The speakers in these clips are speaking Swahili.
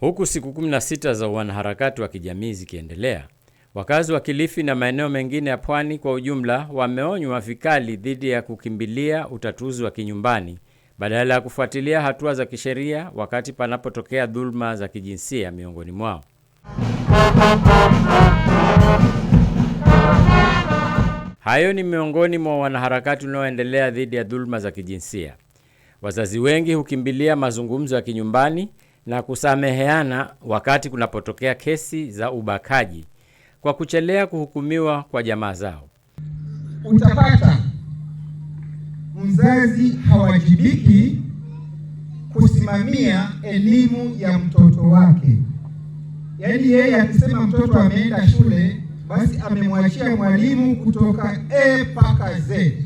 Huku siku 16 za wanaharakati wa kijamii zikiendelea, wakazi wa Kilifi na maeneo mengine ya pwani kwa ujumla wameonywa vikali dhidi ya kukimbilia utatuzi wa kinyumbani badala ya kufuatilia hatua za kisheria wakati panapotokea dhuluma za kijinsia miongoni mwao. Hayo ni miongoni mwa wanaharakati unaoendelea dhidi ya dhuluma za kijinsia. Wazazi wengi hukimbilia mazungumzo ya kinyumbani na kusameheana wakati kunapotokea kesi za ubakaji kwa kuchelea kuhukumiwa kwa jamaa zao. Utapata mzazi hawajibiki kusimamia elimu ya mtoto wake, yaani yeye akisema mtoto ameenda shule, basi amemwachia mwalimu kutoka A mpaka Z.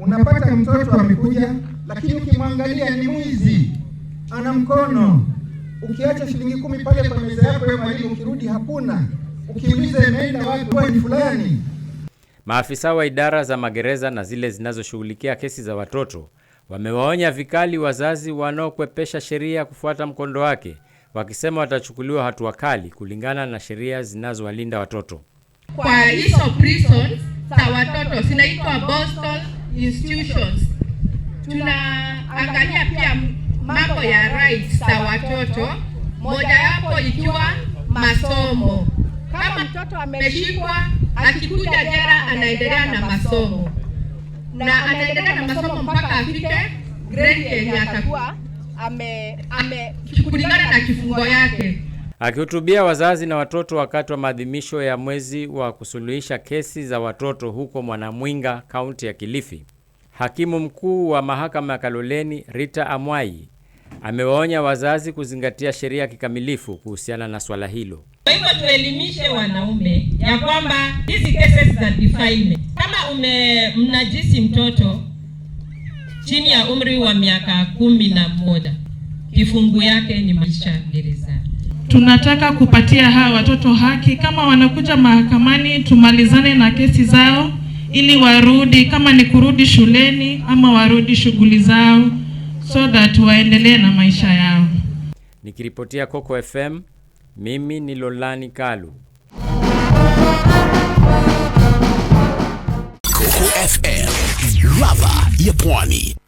Unapata mtoto amekuja, lakini ukimwangalia ni mwizi ana mkono. Ukiacha shilingi kumi pale kwa meza yako ya mwalimu, ukirudi hakuna, ukiuliza imeenda wapi ni fulani. Maafisa wa idara za magereza na zile zinazoshughulikia kesi za watoto wamewaonya vikali wazazi wanaokwepesha sheria kufuata mkondo wake, wakisema watachukuliwa hatua kali kulingana na sheria zinazowalinda watoto. Kwa hizo prisons za watoto zinaitwa Boston institutions, tunaangalia pia mambo ya rights za watoto, mojawapo ikiwa masomo. Kama mtoto ameshikwa akikuja jela, anaendelea na masomo na anaendelea na masomo mpaka afike grade yenye atakuwa kulingana na kifungo yake. Akihutubia wazazi na watoto wakati wa maadhimisho ya mwezi wa kusuluhisha kesi za watoto huko Mwanamwinga, kaunti ya Kilifi, Hakimu mkuu wa mahakama ya Kaloleni Rita Amwai amewaonya wazazi kuzingatia sheria kikamilifu kuhusiana na swala hilo. Kwa hivyo tuelimishe wanaume ya kwamba hizi cases za defilement, kama umemnajisi mtoto chini ya umri wa miaka kumi na moja kifungu yake ni maisha gerezani. Tunataka kupatia hawa watoto haki. Kama wanakuja mahakamani, tumalizane na kesi zao ili warudi kama ni kurudi shuleni ama warudi shughuli zao so that waendelee na maisha yao. Nikiripotia Coco FM, mimi ni Lolani Kalu. Coco FM, ladha ya Pwani.